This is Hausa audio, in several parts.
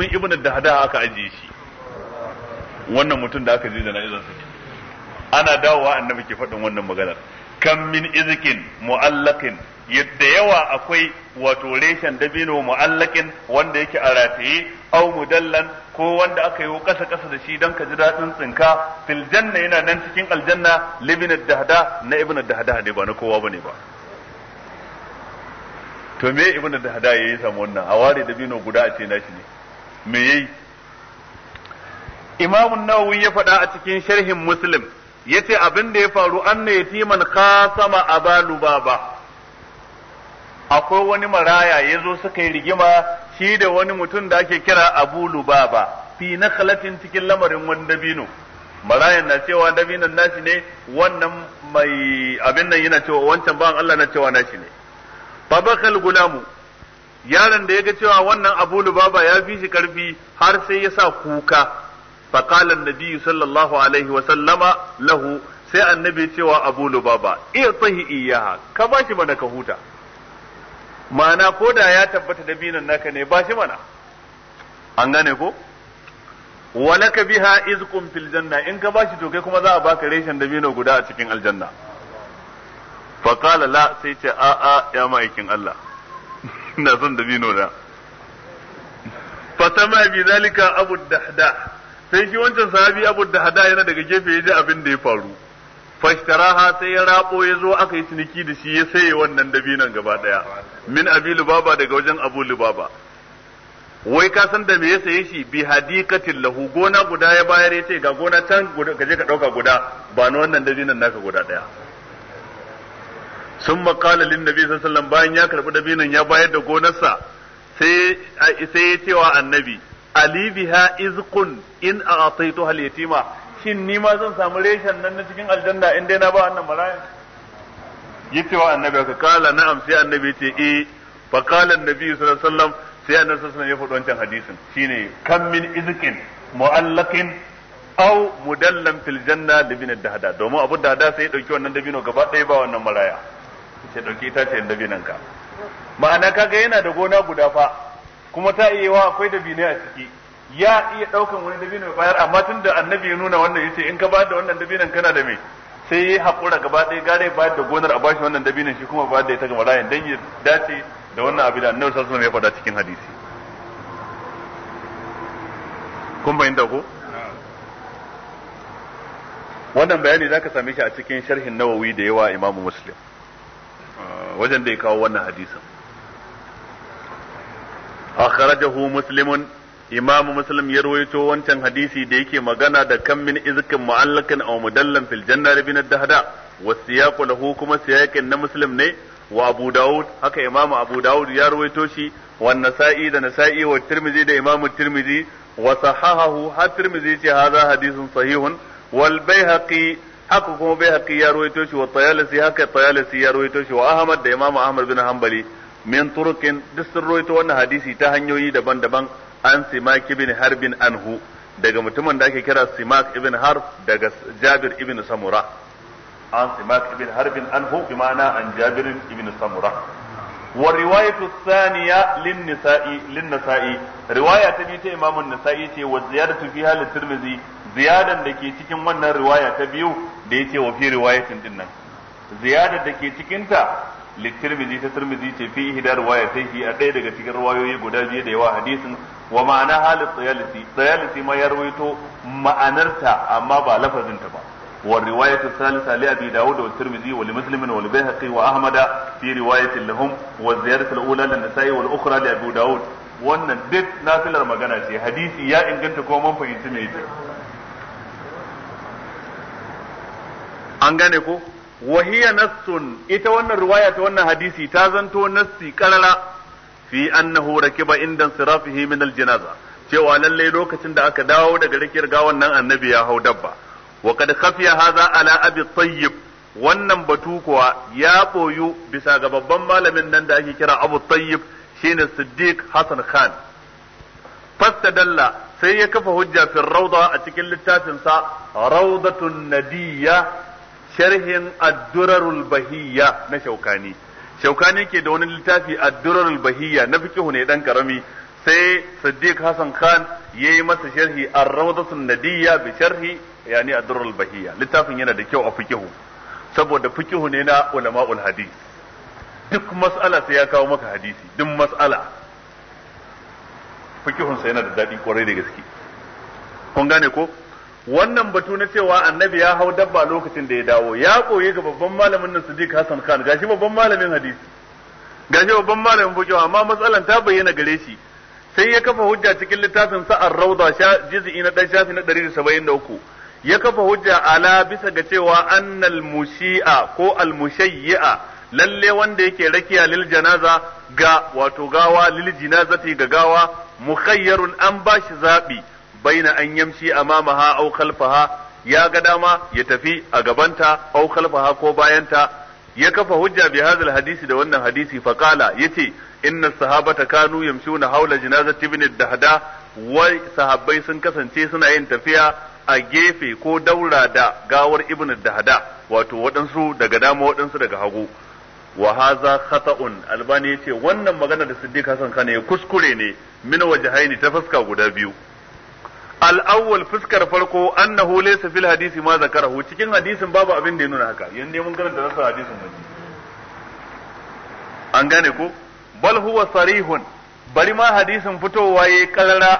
mun ibn dahda aka ajiye shi wannan mutum da aka je na'izar sa ana dawowa annabi ke faɗin wannan maganar kan min izkin mu'allakin yadda yawa akwai wato reshen dabino mu'allakin wanda yake a rataye au mudallan ko wanda aka yi kasa kasa da shi don ka ji daɗin tsinka fil janna yana nan cikin aljanna libin dahda na ibn dahda ne ba na kowa bane ba to me ibn dahda yayi samu wannan ware dabino guda a ce shi ne me yayi Imam Nawawi ya faɗa a cikin sharhin Muslim yace abin da ya faru anna yatiman khasama abalu baba akwai wani maraya ya zo suka yi rigima shi da wani mutum da ake kira Abu Lubaba fi nakhlatin cikin lamarin wani dabino marayan na cewa dabinon nashi ne wannan mai abin nan yana cewa wancan bawan Allah na cewa nashi ne babakal gulamu yaron da ya ga cewa wannan abu lubaba ya fi shi karfi har sai ya sa kuka faqala annabi sallallahu alaihi wa sallama lahu sai annabi cewa abu lubaba iya irtahi iyaha ka bashi mana ka huta ma'ana ko da ya tabbata binan naka ne bashi mana an gane ko walaka biha izqum fil janna in ka bashi to kai kuma za a baka reshen dabino guda a cikin aljanna faqala la sai ce a a ya ma'aikin Allah ina son da na fasama bi zalika abu dahda sai shi wancan sahabi abu dahda yana daga gefe ya ji abin da ya faru fashtaraha sai ya rabo ya zo aka yi ciniki da shi ya saye wannan dabinan gaba daya min abi lubaba daga wajen abu lubaba wai ka san da me ya saye shi bi hadikatil lahu gona guda ya bayar ya ce ga gona can ka je ka dauka guda ba na wannan dabinon naka guda daya sun makala lin nabi sallallahu bayan ya karbi dabinan ya bayar da gonarsa sai sai ya wa annabi ali biha izqun in a'taytuha al yatima shin ni ma zan samu reshen nan na cikin aljanna in dai na ba wannan marayan yace wa annabi ka kala na'am sai annabi ce eh fa kala annabi sallallahu alaihi wasallam sai annabi sallallahu ya faɗi wancan hadisin shine kam min izqin mu'allaqin aw mudallam fil janna libin dahada domin abu dahada sai ya dauki wannan dabino gaba ɗaya ba wannan maraya ce dauki itaciyar dabinan ka ma'ana kaga yana da gona guda fa kuma ta iya wa akwai dabinai a ciki ya iya daukan wani mai bayar amma tun da annabi ya nuna wannan yace in ka bayar da wannan dabinan kana da me sai ya hakura gaba ɗaya gare bayar da gonar a bashi wannan dabinan shi kuma bayar da ita ga marayan dan ya dace da wannan abin da annabi sallallahu alaihi wasallam ya faɗa cikin hadisi kun bayyana ko wannan bayani zaka same shi a cikin sharhin nawawi da yawa imamu muslim wajen da ya kawo wannan hadisin akhrajahu muslimun imamu muslim ya rawaito wancan hadisi da yake magana da kan min izkin mu'allakin aw mudallan fil janna bin ad-dahda wa siyaqu lahu kuma siyaqin na muslim ne wa abu daud haka imamu abu daud ya rawaito shi wa nasa'i da nasa'i wa tirmidhi da imamu tirmidhi wa sahahahu har tirmidhi ce hadha hadithun sahihun wal baihaqi haka kuma bai haƙi ya ruwaito shi wa tayalisi haka tayalisi ya ruwaito shi wa ahmad da imamu ahmad bin hanbali min turukin duk sun ruwaito wannan hadisi ta hanyoyi daban-daban an simak ibn harbin anhu daga mutumin da ake kira simak ibn harb daga jabir ibn samura an simak ibn harbin anhu bi ma'ana an jabir ibn samura wa riwayatu thaniya lin nisa'i lin nisa'i riwaya ta biyu ta imamu nisa'i ce wa ziyadatu fiha li tirmidhi ziyadan da ke cikin wannan riwaya ta biyu da yace wa fi riwayatin din nan ziyadan da ke cikinta ta litirmizi ta tirmizi ce fi ihda riwayatayhi a ɗaya daga cikin riwayoyi guda biyu da yawa hadisin wa ma'ana halin tsayalisi tsayalisi ma ya rawaito ma'anarta amma ba lafazinta ba wa wa Abi والرواية الثالثة لأبي داود والترمذي ولمسلم والبيهقي wa في ula لهم والزيادة wal ukhra li Abi Dawud wannan duk nafilar magana ce hadisi ya inganta ko mun fahimci me an gane ko wahiya nassun ita wannan riwaya ta wannan hadisi ta zanto nassi karara fi annahu rakiba inda sirafihi min aljanaza cewa lalle lokacin da aka dawo daga rikiyar gawan nan annabi ya hau dabba wa kad khafiya hadha ala abi tayyib wannan batu kuwa ya boyu bisa ga babban malamin nan da ake kira abu tayyib shine siddiq hasan khan fastadalla sai ya kafa hujja fi rawda a cikin littafin sa rawdatun nadiyya sharhin addurarul bahiyya na shaukani shaukani ke da wani littafi addurarul bahiyya na fikihu ne dan karami sai Siddiq Hassan Khan yayi masa sharhi ar-rawdatun nadiyya bi sharhi yani addurarul bahiyya littafin yana da kyau a fikihu saboda fikihu ne na ulama'ul hadis duk mas'ala sai ya kawo maka hadisi duk mas'ala fikihun sa yana da dadi kwarai da gaske kun gane ko wannan batu na cewa annabi ya hau dabba lokacin da ya dawo ya koyi ga babban malamin nan Sadiq Hassan Khan gashi babban malamin hadisi gashi babban malamin bukewa amma matsalan ta bayyana gare shi sai ya kafa hujja cikin littafin sa Ar-Rawda juz'i na dan shafi na 173 ya kafa hujja ala bisa ga cewa annal mushi'a ko al mushayyi'a lalle wanda yake rakiya lil janaza ga wato gawa lil jinazati ga gawa mukhayyarun an bashi zabi baina an yamshi amamaha aw khalfaha ya ga dama ya tafi a gabanta aw khalfaha ko bayanta ya kafa hujja bi hadal hadisi da wannan hadisi fa qala yace inna sahabata kanu yamshuna hawla janazat ibn dahda wai sahabbai sun kasance suna yin tafiya a gefe ko daura da gawar ibn dahda wato waɗansu daga dama waɗansu daga hagu wa haza khata'un albani yace wannan magana da siddiq hasan kana ya kuskure ne min wajhaini ta fuska guda biyu al-awwal fuskar farko annahu laysa fil hadisi ma zakarahu cikin hadisin babu abin da ya nuna haka yanzu mun karanta rasa hadisin ba an gane ko bal huwa sarihun bari ma hadisin fitowa yayi karara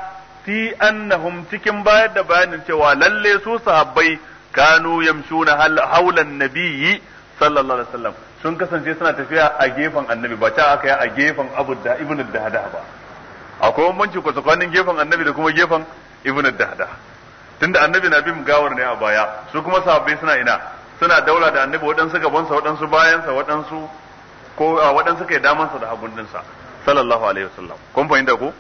fi annahum cikin bayar da bayanin cewa lalle su sahabbai kanu yamshuna haulan nabiyyi sallallahu alaihi wasallam sun kasance suna tafiya a gefen annabi ba ta aka yi a gefen abu da ibn da hada ba akwai bambanci tsakanin gefen annabi da kuma gefen ibn dahda tunda annabi na bin gawar ne a baya su kuma sahabbai suna ina suna daula da annabi waɗansu gabansa waɗansu bayansa waɗansu ko waɗansu kai damansa da hagunninsa sallallahu alaihi wasallam kun fahimta ko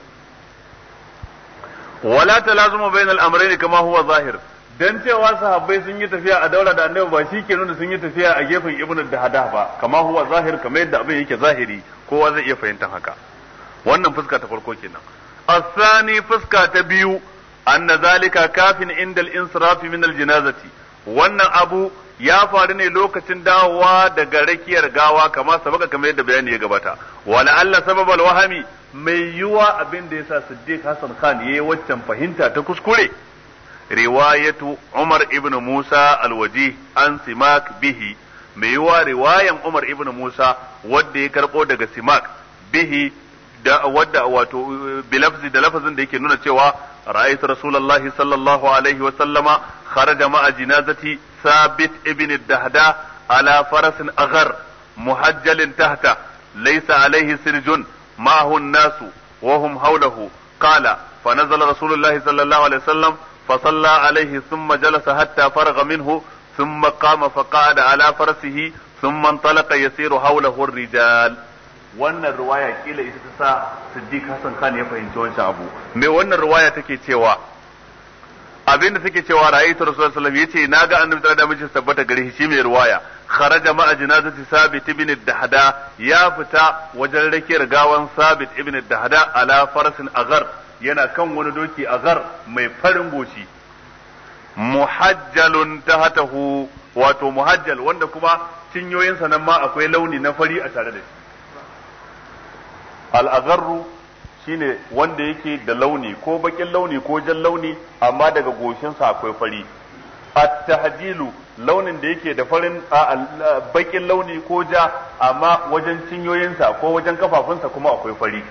wala talazumu bainal amrayn kama huwa zahir dan cewa sahabbai sun yi tafiya a daula da annabi ba shi ke nuna sun yi tafiya a gefen ibnu dahda ba kama huwa zahir kamar yadda abin yake zahiri kowa zai iya fahimtar haka wannan fuska ta farko kenan asani fuska ta biyu anna zalika kafin indal insirafi min aljinazati wannan abu ya faru ne lokacin dawowa daga rakiyar gawa kama sabaka kamar yadda bayani ya gabata wala Allah sababal wahami mai yuwa abin da yasa Siddiq Hassan Khan yayi waccan fahimta ta kuskure riwayatu Umar ibn Musa Al-waji an Simak bihi mai yuwa riwayan Umar ibn Musa wanda ya karbo daga Simak bihi da wadda wato bilafzi da lafazin da yake nuna cewa ra'ayt rasulullahi sallallahu alaihi wa sallama kharaja ma'a jinazati sabit ibn dahda ala farasin aghar muhajjalin tahta laysa alaihi sirjun ma'ahu nasu wa hum hawlahu qala fa nazala rasulullahi sallallahu alaihi wa sallam fa salla alaihi thumma jalasa hatta faragha minhu thumma qama fa qa'ada ala farasihi thumma intalaqa yasiru hawlahu ar-rijal wannan ruwaya kila ita ta sa Siddiq Hassan Khan ya fahimci wancan abu me wannan ruwaya take cewa abin da take cewa ta Rasulullahi sallallahu alaihi wasallam yace naga annabi sallallahu alaihi wasallam tabbata gare shi mai ruwaya kharaja ma'a janazati Sabit ibn Dahda ya fita wajen rake gawan Sabit ibn Dahda ala farasin agar yana kan wani doki agar mai farin goshi muhajjalun tahatahu wato muhajjal wanda kuma cinyoyinsa nan ma akwai launi na fari a tare da shi al'azarru ne wanda yake da launi ko bakin launi ko jan launi amma daga goshinsa akwai fari A tahjilu launin da yake da farin bakin launi ko ja amma wajen cinyoyinsa ko wajen kafafunsa kuma akwai fari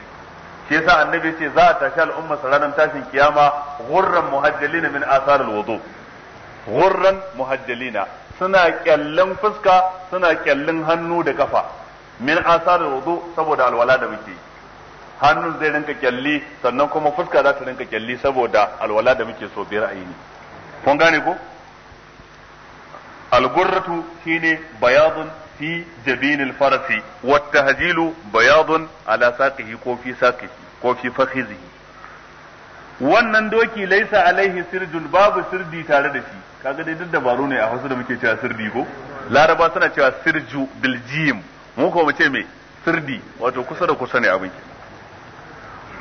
shi yasa annabi ce za a tashi al'umma ranar tashin kiyama gurran muhajjalina min asarar wazo wudu ghurran muhajjalina suna kyallin fuska suna kyallin hannu da kafa min asarin wudu saboda alwala da muke hannun zai rinka kyalli sannan kuma fuska za ta rinka kyalli saboda alwala da muke so biyar ne kun gane ko algurratu shine bayadun fi jabinil farasi wata Hajilu bayadun ala saqihi ko fi saqihi ko fi fakhizihi wannan doki laisa alaihi sirjun babu sirdi tare da shi kaga dai duk dabaru ne a Hausa da muke cewa sirdi ko Laraba suna cewa sirju biljim mu ko mu ce me sirdi wato kusa da kusa ne abin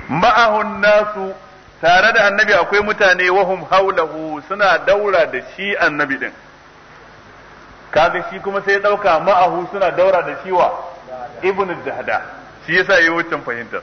ma'ahun nasu tare da annabi akwai mutane wahum haulahu suna daura da shi annabi din kaga shi kuma sai dauka ma'ahu suna daura da shi wa ibnu jahda shi yasa yayi wancan fahimtar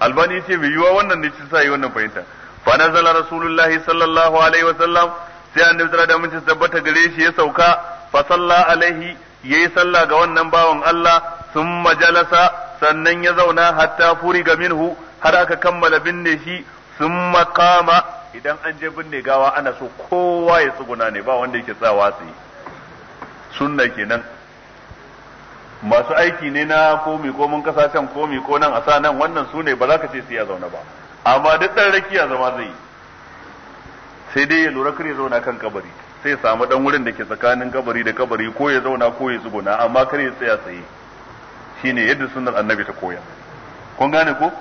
albani ce bai yiwa wannan ne shi yasa yayi wannan fahimtar fa nazala rasulullahi sallallahu alaihi wasallam sai annabi da mun tabbata gare shi ya sauka fa salla alaihi yayi sallah ga wannan bawan Allah sun jalasa sannan ya zauna hatta ga minhu har aka kammala binne shi sun qama idan an je binne gawa ana so kowa ya tsuguna ne ba wanda yake tsawa tsaye sunna kenan masu aiki ne na komi ko mun kasashen komi ko nan a sa nan wannan su ne ba za ka ce sai ya zauna ba amma duk ɗan rakiya zama zai yi sai dai ya lura kar ya zauna kan kabari sai samu dan wurin da ke tsakanin kabari da kabari ko ya zauna ko ya zubuna amma kar ya tsaya tsaye shine yadda sunnar annabi ta koya kun gane ko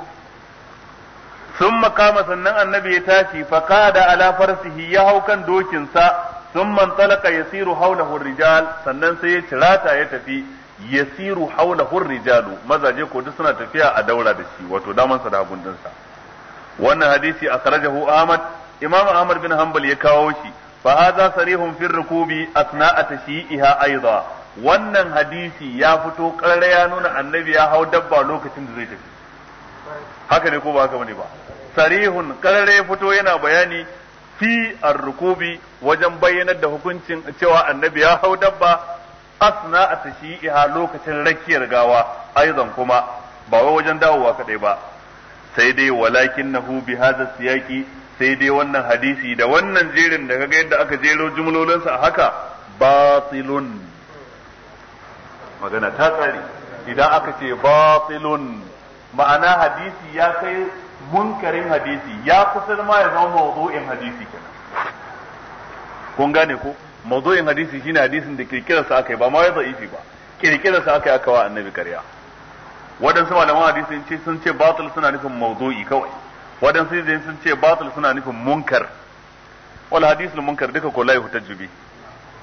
sun makama sannan annabi ya tashi faqada ala farsihi ya hau kan dokinsa sun man talaka yasiru haulahu rijal sannan sai ya cirata ya tafi yasiru haulahu rijalu mazaje ko duk suna tafiya a daura da shi wato damansa da ɗinsa. wannan hadisi akhrajahu Ahmad Imam Ahmad bin Hanbal ya kawo shi fa hadha sarihun fi rukubi asna'a tashi'iha aidan wannan hadisi ya fito karra ya nuna annabi ya hau dabba lokacin da zai tafi haka ne ko ba haka bane ba sarihun karra ya fito yana bayani fi ar-rukubi wajen bayyanar da hukuncin cewa annabi ya hau dabba asna a tashi'iha lokacin rakiyar gawa aizan kuma ba wai wajen dawowa kadai ba sai dai walakin nahu bi hadha siyaqi sai dai wannan hadisi da wannan jerin da kaga yadda aka jero jumlolinsa a haka batilun magana ta tsari idan aka ce batilun ma'ana hadisi ya kai munkarin hadisi ya kusa ma ya zama mawdu'in hadisi kenan kun gane ko mawdu'in hadisi shine hadisin da sa aka yi ba ma ya za'ifi ba sa aka yi aka wa annabi karya waɗansu malaman hadisi sun ce batil suna nufin mawdu'i kawai waɗansu izin sun ce batil suna nufin munkar wal hadisul munkar duka ko la yuhtaju bi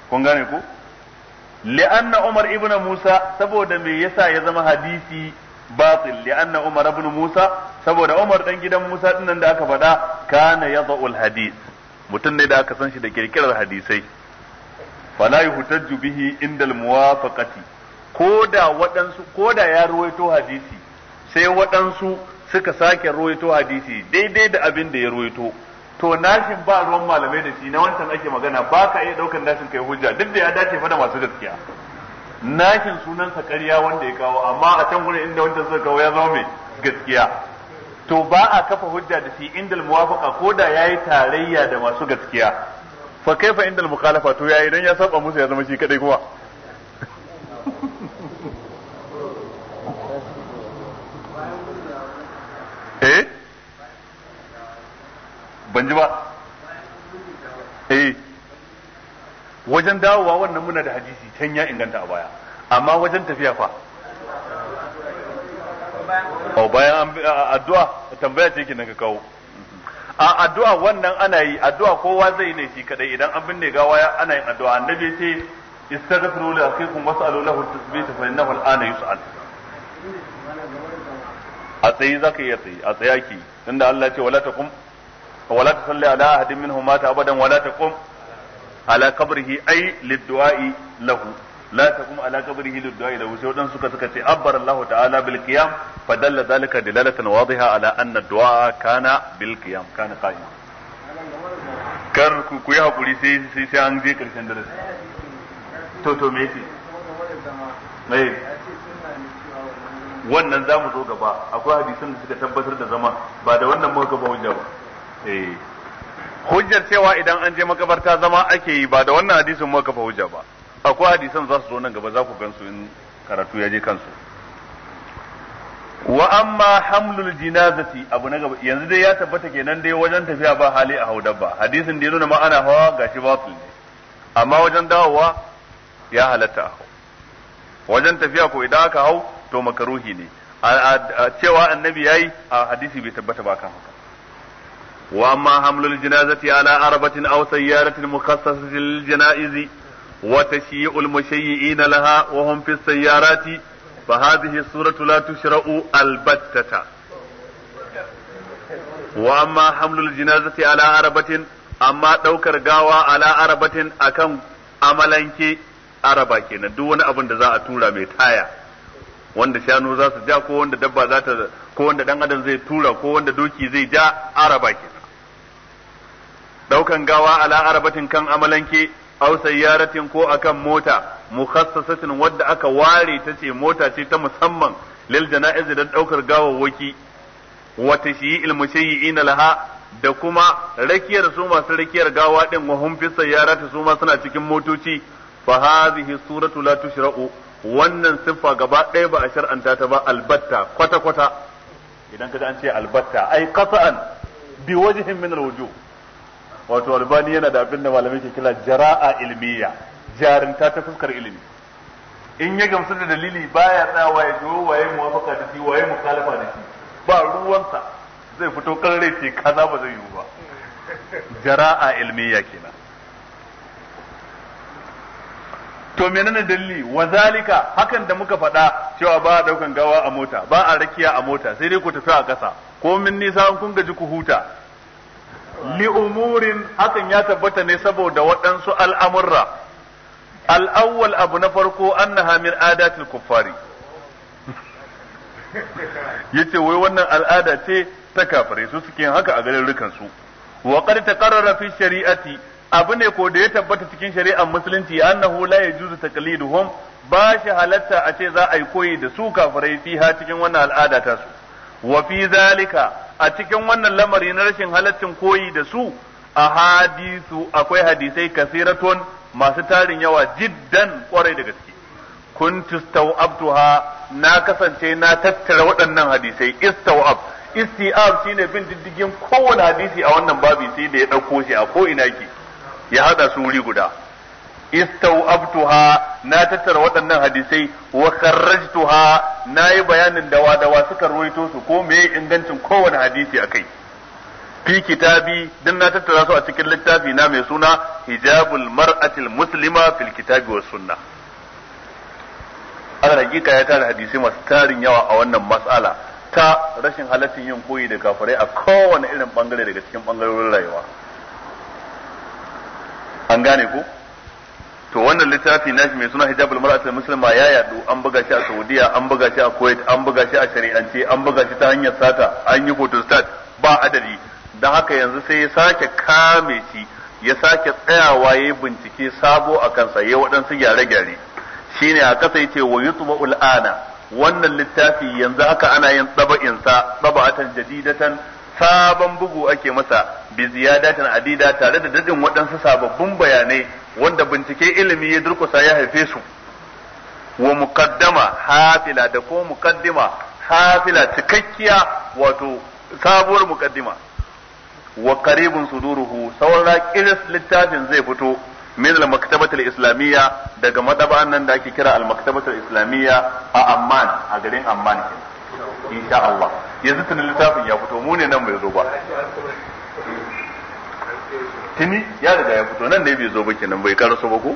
kun gane ku li'anna umar ibn musa saboda me yasa ya zama hadisi batil li'anna umar ibnu musa saboda umar dan gidan musa nan da aka faɗa kana yadhul hadis mutum ne da aka san shi da kirkirar hadisai fala yuhtaju bihi inda al-muwafaqati koda waɗansu koda ya ruwaito hadisi sai waɗansu suka sake ruwaito hadisi daidai da abin da ya ruwaito to nashin ba ruwan malamai da shi na wancan ake magana ba ka iya daukan nashin kai hujja duk da ya dace fa da masu gaskiya nashin sunan sa ƙarya wanda ya kawo amma a can gurin inda wancan suka kawo ya zama mai gaskiya to ba a kafa hujja da shi inda muwafaqa ko da yayi tarayya da masu gaskiya fa kaifa inda mukhalafa to yayi dan ya saba musu ya zama shi kadai kuma eh ban ji ba eh wajen dawowa wannan muna da hadisi can ya inganta a baya amma wajen tafiya fa o oh, bayan addu'a tambaya ce kinan ka kawo a addu'a wannan ana yi addu'a kowa zai ne shi kadai idan an binne gawa ya ana yin addu'a annabi ce istaghfiru li akhikum was'alu lahu at-tasbih fa innahu al-ana yus'al a tsayi zaka iya tsayi a tsaya ki inda Allah ce wala taqum wala tusalli ala ahadin minhum mata abadan wala taqum ala qabrihi ay lid-du'a'i lahu la taqum ala qabrihi lid lahu sai wadan suka suka ce abbar Allah ta'ala bil qiyam fa dalla zalika dilalatan wadiha ala anna ad-du'a kana bil qiyam kana qa'ima kar ku ku yi hakuri sai sai an je karshen darasi to to me yake wannan za mu zo gaba akwai hadisan da suka tabbatar da zama ba da wannan muka ba hujja ba eh hujjar cewa idan an je makabarta zama ake yi ba da wannan hadisin muka ba hujja ba akwai hadisan za su zo nan gaba za ku gansu in karatu ya je kansu wa amma hamlul jinazati abu na gaba yanzu dai ya tabbata kenan dai wajen tafiya ba hali a hau dabba hadisin da ya nuna ma ana hawa gashi su ne amma wajen dawowa ya halatta a hau wajen tafiya ko idan aka hau to makaruhi ne cewa annabi yayi a hadisi bai tabbata ba kan haka wa amma hamlul janazati ala arabatin aw sayyaratin mukhassasatin lil janaiz wa tashyi'ul mushayyi'ina laha wa hum fi sayyarati fa hadhihi suratu la tushra'u albattata wa amma hamlul janazati ala arabatin amma daukar gawa ala arabatin akan amalanke araba kenan duk wani abin da za a tura mai taya wanda shanu za su ja ko wanda dabba za ta ko wanda dan adam zai tura ko wanda doki zai ja araba ke. daukan gawa ala arabatin kan amalanke aw sayyaratin ko akan mota mukhassasatin wadda aka ware ta ce mota ce ta musamman lil janaiz dan daukar gawawwaki wa tashyi'il mushayyi'in laha da kuma rakiyar su masu rakiyar gawa din wa hum fi sayyarati su ma suna cikin motoci fa hadhihi suratu la tushra'u wannan siffa gaba ɗaya ba a shar'anta ta ba albatta kwata kwata idan kaji an ce albatta ai kasa'an. bi wajhin min alwujuh wato albani yana da abin da malamai ke kira jara'a ilmiya jarinta ta fuskar ilimi in ya gamsu da dalili baya tsawa ya jo waye muwafaka da shi waye mukhalafa da shi ba ruwansa zai fito kan rai ce kaza ba zai yiwu ba jara'a ilmiya kenan to menene dalili wazalika, hakan da muka faɗa cewa ba a daukan gawa a mota ba a rakiya a mota sai dai ku tafi a ƙasa ko min nisa kun gaji ku huta li umurin hakan ya tabbata ne saboda waɗansu al'amurra al'awwal abu na farko annaha min adatil kuffari yace wai wannan al'ada ce ta kafirai su suke haka a garin rukan su wa qad taqarrara fi shari'ati abu ne ko da ya tabbata cikin shari'ar musulunci annahu la yajuzu taqliduhum ba shi halatta a ce za a yi koyi da su kafirai fiha cikin wannan al'ada ta su wa fi zalika a cikin wannan lamari na rashin halaccin koyi da su a hadisu akwai hadisai kasiratun masu tarin yawa jiddan kwarai da gaske kun stawabtuha na kasance na tattara waɗannan hadisai istawab istiab shine bin diddigin kowane hadisi a wannan babu sai da ya ɗauko shi a ko ina ke ya hada su wuri guda abtuha na tattara waɗannan hadisai wa kharrajtuha nayi bayanin dawa dawa suka ruwaito su ko me ingancin kowane hadisi akai fi kitabi dan na tattara su a cikin littafi na mai suna hijabul mar'atil muslima fil kitabi was sunna ala hakika ya tara hadisai masu tarin yawa a wannan mas'ala ta rashin halaccin yin koyi da kafirai a kowane irin bangare daga cikin bangarorin rayuwa an gane ko to wannan littafi nashi mai suna hijabul al muslima ya yadu an buga shi a Saudiya an buga shi a Kuwait an buga shi a shari'ance an buga shi ta hanyar sata an yi photostat ba adadi dan haka yanzu sai ya sake kame shi ya sake tsayawa yayin bincike sabo a kansa yayi waɗansu gyare-gyare shine a kasa yace wa yutma'ul ana wannan littafi yanzu haka ana yin tsaba'in sa tsaba'atan jadidatan sabon bugu ake masa bi ziyadatin adida tare da dadin waɗansu sababbin bayanai wanda bincike ilimi ya durkusa ya haife su wa muqaddama hafila da ko muqaddima hafila cikakkiya wato sabuwar muqaddima wa qaribun suduruhu saura kiris littafin zai fito min al maktabatul islamiyya daga madaba'an nan da ake kira al maktabatul islamiyya a Amman a garin Amman insha Allah yanzu tunan littafin ya fito mu ne nan bai zo ba tuni ya riga ya fito nan ne bai zo ba kenan bai karaso ba ko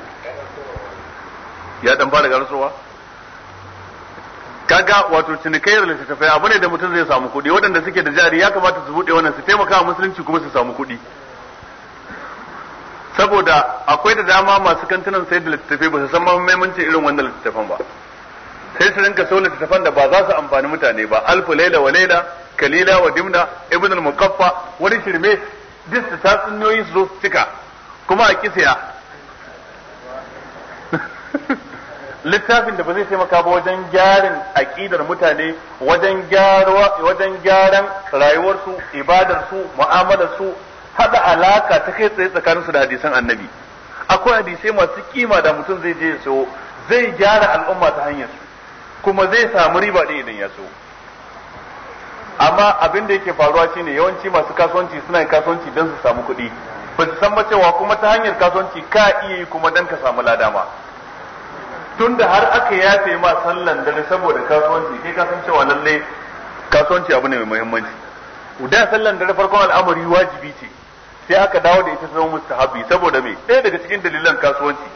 ya dan fara karasowa kaga wato cinikayyar littattafai abu ne da mutum zai samu kuɗi waɗanda suke da jari ya kamata su buɗe wannan su taimaka wa musulunci kuma su samu kuɗi saboda akwai da dama masu kantunan sayar da littattafai ba su san mahimmancin irin wannan littattafan ba sai su rinka sauna tafan da ba za su amfani mutane ba alfu laila wa laila kalila wa dimna ibn al-muqaffa wani shirme duk su tatsuniyoyi su cika kuma a kisiya littafin da ba zai taimaka ba wajen gyaran aqidar mutane wajen wajen gyaran rayuwarsu ibadarsu mu'amalarsu haɗa alaka ta kai tsaye tsakaninsu da hadisan annabi akwai hadisai masu kima da mutum zai je so zai gyara al'umma ta hanyar su kuma zai samu riba din idan ya so amma abin da yake faruwa shine yawanci masu kasuwanci suna yin kasuwanci don su samu kuɗi ba su san ba cewa kuma ta hanyar kasuwanci ka iya yi kuma don ka samu lada ladama tunda har aka yafe ma sallan dare saboda kasuwanci kai ka san cewa lalle kasuwanci abu ne mai muhimmanci da sallan dare farkon al'amari wajibi ce sai aka dawo da ita zama mustahabi saboda me ɗaya daga cikin dalilan kasuwanci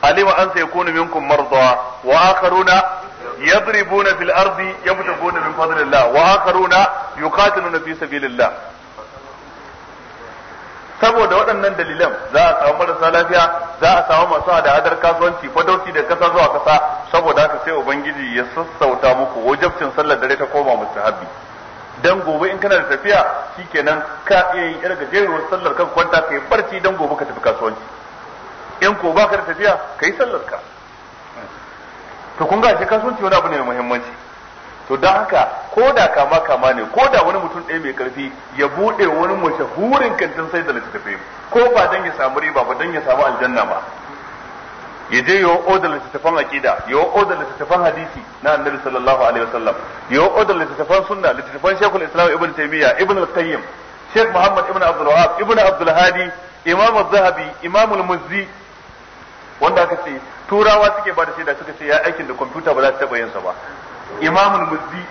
alima an sai kunu minkum mardawa wa akharuna في fil يبتغون من فضل الله wa يقاتلون في سبيل الله saboda waɗannan dalilan za a samu marasa lafiya za a samu masu hada-hadar kasuwanci fadauci da kasa zuwa kasa saboda haka sai ubangiji ya sassauta muku wajabcin sallar dare ta koma mustahabbi dan gobe in kana da tafiya shikenan ka iya yin irga jeruwar sallar kan kwanta ka yi barci dan gobe ka tafi kasuwanci in ko ba ka da tafiya ka yi sallar ka to kun ga shi kasuwanci wani abu ne mai muhimmanci to don haka ko da kama kama ne ko da wani mutum ɗaya mai karfi ya buɗe wani mashahurin kantin sai da littattafai ko ba dan ya samu riba ba dan ya samu aljanna ba ya je yawan odar littattafan aqida yawan odar littattafan hadisi na annabi sallallahu alaihi wasallam yawan odar littattafan sunna littattafan shekul islam ibn taimiyya ibn al-qayyim sheikh muhammad ibn abdul wahab ibn abdul hadi imam Al zahabi imam al wanda aka ce turawa suke ba da shaida suka ce ya aikin da kwamfuta ba za su taɓa yin sa ba imamul muzdi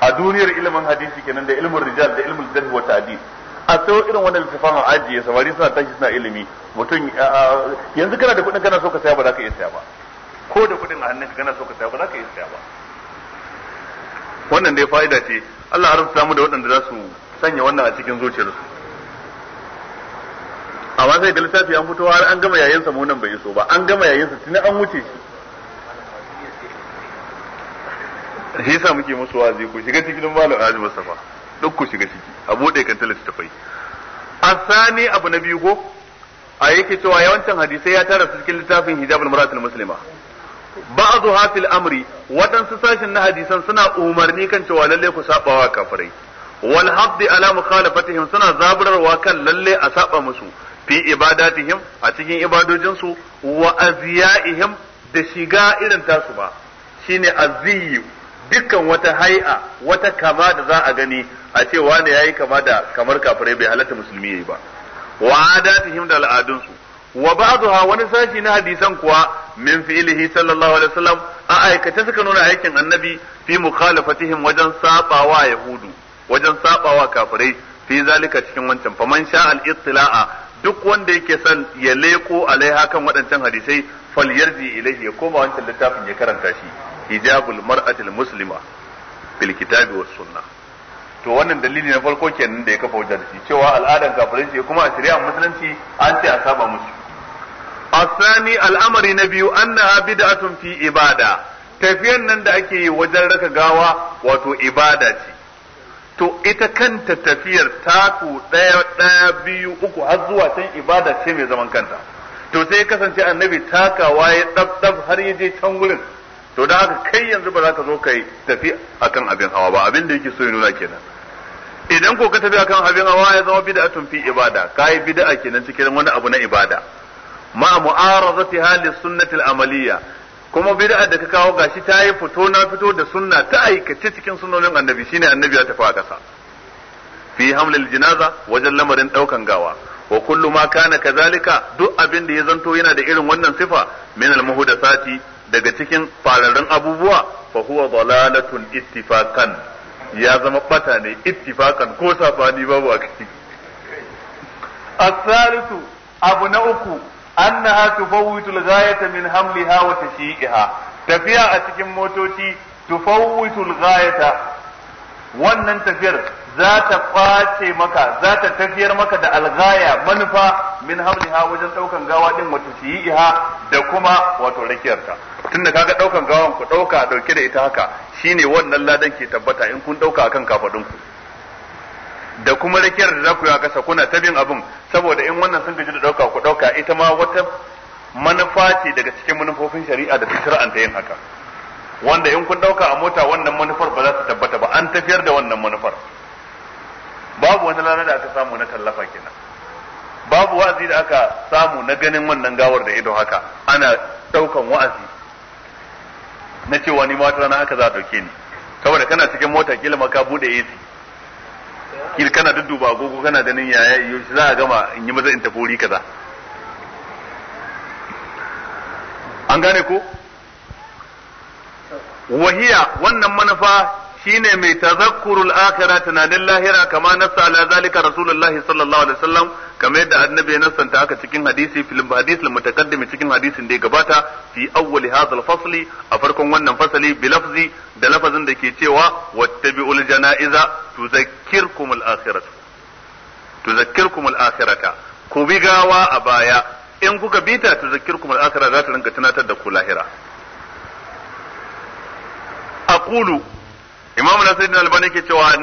a duniyar ilimin hadisi kenan da ilimin rijal da ilimin jarhi wa ta'dil a sayo irin wannan littafin a ajiye samari suna tashi suna ilimi mutum yanzu kana da kuɗin kana so ka saya ba za ka iya saya ba ko da kuɗin a hannunka kana so ka saya ba za ka iya saya ba wannan dai fa'ida ce Allah ya rubuta mu da waɗanda za su sanya wannan a cikin zuciyarsu amma sai da littafi an fito har an gama yayin sa mu nan bai iso ba an gama yayin sa tuni an wuce shi shi yasa muke musu wazi ku shiga cikin malam Alhaji Mustafa duk ku shiga ciki a bude kan tafai asani abu na biyu go a yake cewa yawancin hadisai ya tara su cikin littafin hijabul maratul muslima ba'dhu hafil amri wadansu sashin na hadisan suna umarni kan cewa lalle ku sabawa kafirai wal hadd ala mukhalafatihim suna zaburarwa kan lalle a saba musu fi ibadatihim a cikin ibadojinsu wa aziyaihim da shiga irin tasu ba shine aziyi dukkan wata hai'a wata kama da za a gani a ce wani yayi kama da kamar kafirai bai halatta musulmi yayi ba wa adatihim da al'adunsu wa ba'daha wani sashi na hadisan kuwa min fi'lihi sallallahu alaihi wasallam a aikace suka nuna aikin annabi fi mukhalafatihim wajen sabawa yahudu wajen sabawa kafirai fi zalika cikin wancan faman sha al ittila'a duk wanda yake son ya leko alai hakan waɗancan hadisai falyarji ilaihi ya koma wancan littafin ya karanta shi hijabul mar'atil muslima fil kitabi was sunna to wannan dalili na farko kenan da ya kafa wajen shi cewa al'adan shi kuma a shari'a musulunci an ce a saba musu asani al'amari na biyu annaha bid'atun fi ibada tafiyan nan da ake yi wajen raka gawa wato ibada ce to ita kanta tafiyar taku ɗaya ɗaya biyu uku har zuwa can ibada ce mai zaman kanta to sai ya kasance annabi takawa ya ɗabɗab har ya je can gurin to da haka kai yanzu ba za ka zo kai tafi akan abin hawa ba abin da yake so ya nuna kenan idan ko ka tafi akan abin hawa ya zama bida tun fi ibada kai bid'a kenan cikin wani abu na ibada ma mu'arazatiha lis sunnati al-amaliyya kuma bid'a da ka kawo gashi ta yi fito na fito da sunna ta aikace cikin sunnonin annabi shine annabi ya tafi a ƙasa fi hamlil jinaza wajen lamarin daukan gawa wa kullu ma kana kazalika duk abin da ya zanto yana da irin wannan sifa min al muhdathati daga cikin fararin abubuwa fa huwa dalalatun ittifaqan ya zama bata ne ittifaqan ko safani babu a الثالث abu na uku. annaha tufawwitu al-ghayata min hamliha wa tashi'iha tafiya a cikin motoci tufawwitu al-ghayata wannan tafiyar za ta kwace maka za ta tafiyar maka da algaya manufa min hamliha wajen daukan gawa din wa tashi'iha da kuma wato rakiyarta tunda kaga daukan gawan ku dauka dauke da ita haka shine wannan ladan ke tabbata in kun dauka akan kafadun ku da kuma rakiyar da za ku yi a kasa kuna ta bin abin saboda in wannan sun gaji da ɗauka ku ɗauka ita ma wata manufa ce daga cikin manufofin shari'a da ta shir'anta yin haka wanda in kun ɗauka a mota wannan manufar ba za su tabbata ba an tafiyar da wannan manufar babu wata lana da aka samu na tallafa kenan babu wa'azi da aka samu na ganin wannan gawar da ido haka ana ɗaukan wa'azi na cewa ni mata rana haka za a ɗauke ni saboda kana cikin mota kila ma ka buɗe AC kil kana dudduba agogo kana ganin yaya yaushe za a gama in yi maza in tafi kaza an gane ko wahiya wannan manufa shine mai tazakkurul akhirah tunanin lahira kama nasa ala zalika rasulullahi sallallahu alaihi wasallam kamar yadda annabi nassanta aka cikin hadisi filin hadisi mutakaddimi cikin hadisin da ya gabata fi awwali hadha al fasli a farkon wannan fasali bi lafzi da lafazin da ke cewa wattabi'ul janaiza tuzakkirkumul akhirah akhirata ku bi gawa a baya in kuka bita tuzakkirkum al akhirah za ta rinka tunatar da ku lahira aqulu imam nasiruddin albani ke cewa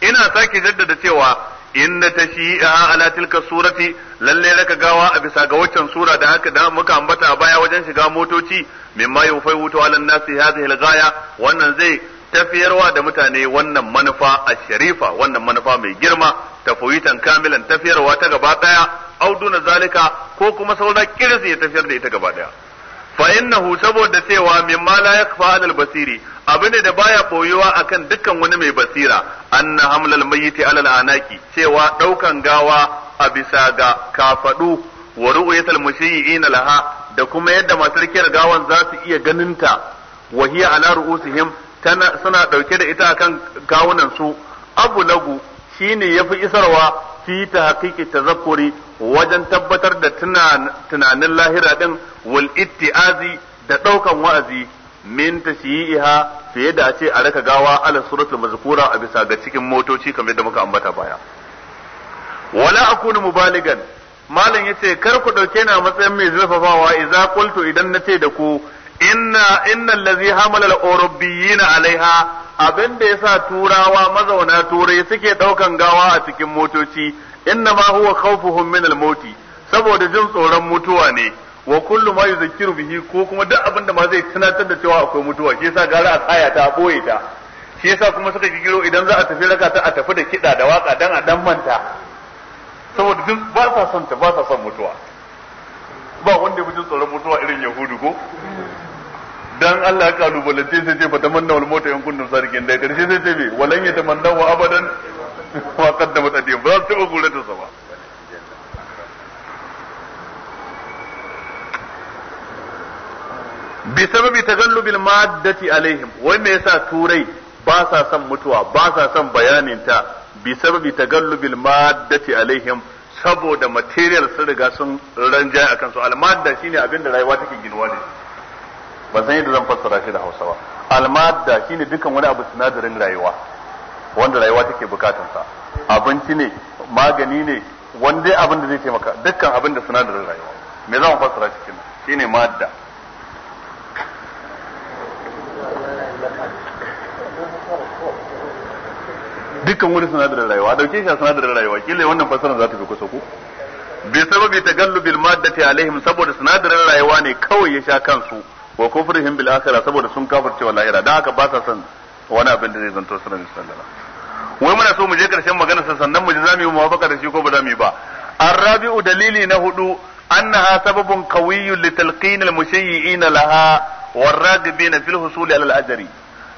ina sake jaddada cewa inna tashi'a ala tilka surati lalle raka gawa a bisa ga waccan sura da haka da muka ambata baya wajen shiga motoci mimma wuto ala nasi hadhihi alghaya wannan zai tafiyarwa da mutane wannan manufa a sharifa wannan manufa mai girma tafawitan kamilan tafiyarwa ta gaba daya auduna zalika ko kuma saura kirsi ya tafiyar da ita gaba daya fa innahu saboda cewa mimma la yakfa alal basiri abinda da baya boyewa akan dukkan wani mai basira anna hamlal mayyiti alal anaki cewa daukan gawa a bisa ga kafadu wa ru'yatul mushayyi'in laha da kuma yadda masu rikiyar gawan za su iya ganinta wa hiya ala ru'usihim tana suna dauke da ita akan kawunan su abu lagu shine yafi isarwa fi tahqiqi tazakkuri wajen tabbatar da tunanin lahira din wal ittiazi da daukan wa'azi min iha fiye da ace a raka gawa ala suratul mazkura a bisa ga cikin motoci kamar da muka ambata baya wala akunu mubaligan malam yace kar ku dauke na matsayin mai zurfafawa idza qultu idan nace da ku inna innal ladhi hamala al-urubiyyin alaiha abinda yasa turawa mazauna turai suke daukan gawa a cikin motoci inna ma huwa khawfuhum min al-maut saboda jin tsoron mutuwa ne wa kullu ma yuzakkiru bihi ko kuma duk abin da ma zai tunatar da cewa akwai mutuwa shi yasa gara a tsaya ta boye ta shi yasa kuma suka kikiro idan za a tafi raka ta a tafi da kida da waka dan a dan manta saboda duk ba sa son ta ba sa son mutuwa ba wanda ya fi jin tsoron mutuwa irin yahudu ko dan Allah ya kalubalance sai ce fatamanna wal mota in kuntum sadiqin da karshe sai ce walan yatamanna wa abadan wa da adiyam ba za su taba gurata da ba bi sababi tagallubil maddati alaihim wai me yasa turai ba sa son mutuwa ba sa son bayanin ta bi sababi tagallubil maddati alaihim saboda material sun riga sun ranja a kansu almadda shine abin da rayuwa take ginuwa ne ba san yadda zan fassara shi da Hausawa shi shine dukkan wani abu sinadarin rayuwa wanda rayuwa take bukatansa abinci ne magani ne wanda abin da zai taimaka dukkan abin da sinadarin rayuwa me za mu fassara cikin shine madda dukkan wani sinadarin rayuwa dauke shi a sinadarin rayuwa kila wannan fassarar za ta fi kusa ku bi sababi tagallubil maddati alaihim saboda sinadarin rayuwa ne kawai ya sha kansu wa kufrihim bil akhirah saboda sun kafirce wallahi da dan haka ba sa son wani abin da zai zanto sunan sallallahu wai muna so mu je karshen magana sa sannan mu ji zamu yi muwafaqa da shi ko ba zamu yi ba arrabi'u dalili na hudu annaha sababun qawiyyun li talqin al mushayyi'in laha warragibin fil husuli al ajri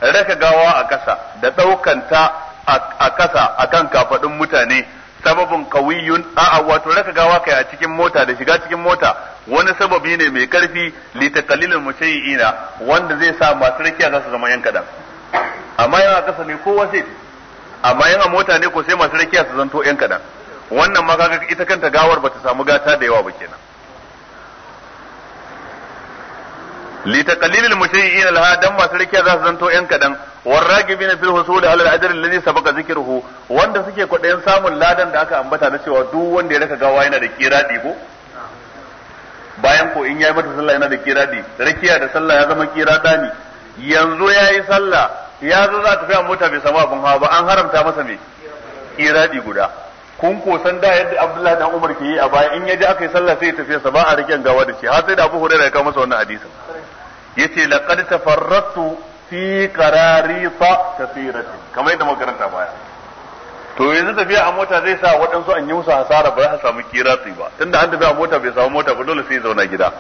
raka gawa a kasa da daukan ta a kasa akan kafadin mutane sababun qawiyyun a'a wato raka gawa kai a cikin mota da shiga cikin mota wani sababi ne mai karfi li taqlil mushayyi'ina wanda zai sa masu rakiya za su zama yan kadan amma yana kasa ne ko sai amma yana mota ne ko sai masu rakiya su zanto yan kaɗan wannan ma kaga ita kanta gawar bata samu gata da yawa ba kenan li taqlilil mushayyi'in laha dan masu rakiya za su zanto yan kadan ragibina fil husul ala al-ajr alladhi sabaqa zikruhu wanda suke kwadayin samun ladan da aka ambata na cewa duk wanda ya raka gawa yana da kiradi ko bayan ko in yayi mata sallah yana da kiradi rakiya da sallah ya zama ne, yanzu yayi sallah ya zo za ta tafiya mota bai samu abin hawa ba an haramta masa mai iradi guda kun ko san da yadda Abdullahi dan Umar ke yi a baya in ya aka yi sallah sai ya tafi sa ba a riken gawa da shi har sai da Abu Hurairah ya kawo masa wannan hadisin yace laqad tafarratu fi fa kathiratin kamar yadda makaranta baya to yanzu tafiya a mota zai sa waɗansu an yi musu hasara ba za a samu kiratu ba tunda an tafi a mota bai samu mota ba dole sai ya zauna gida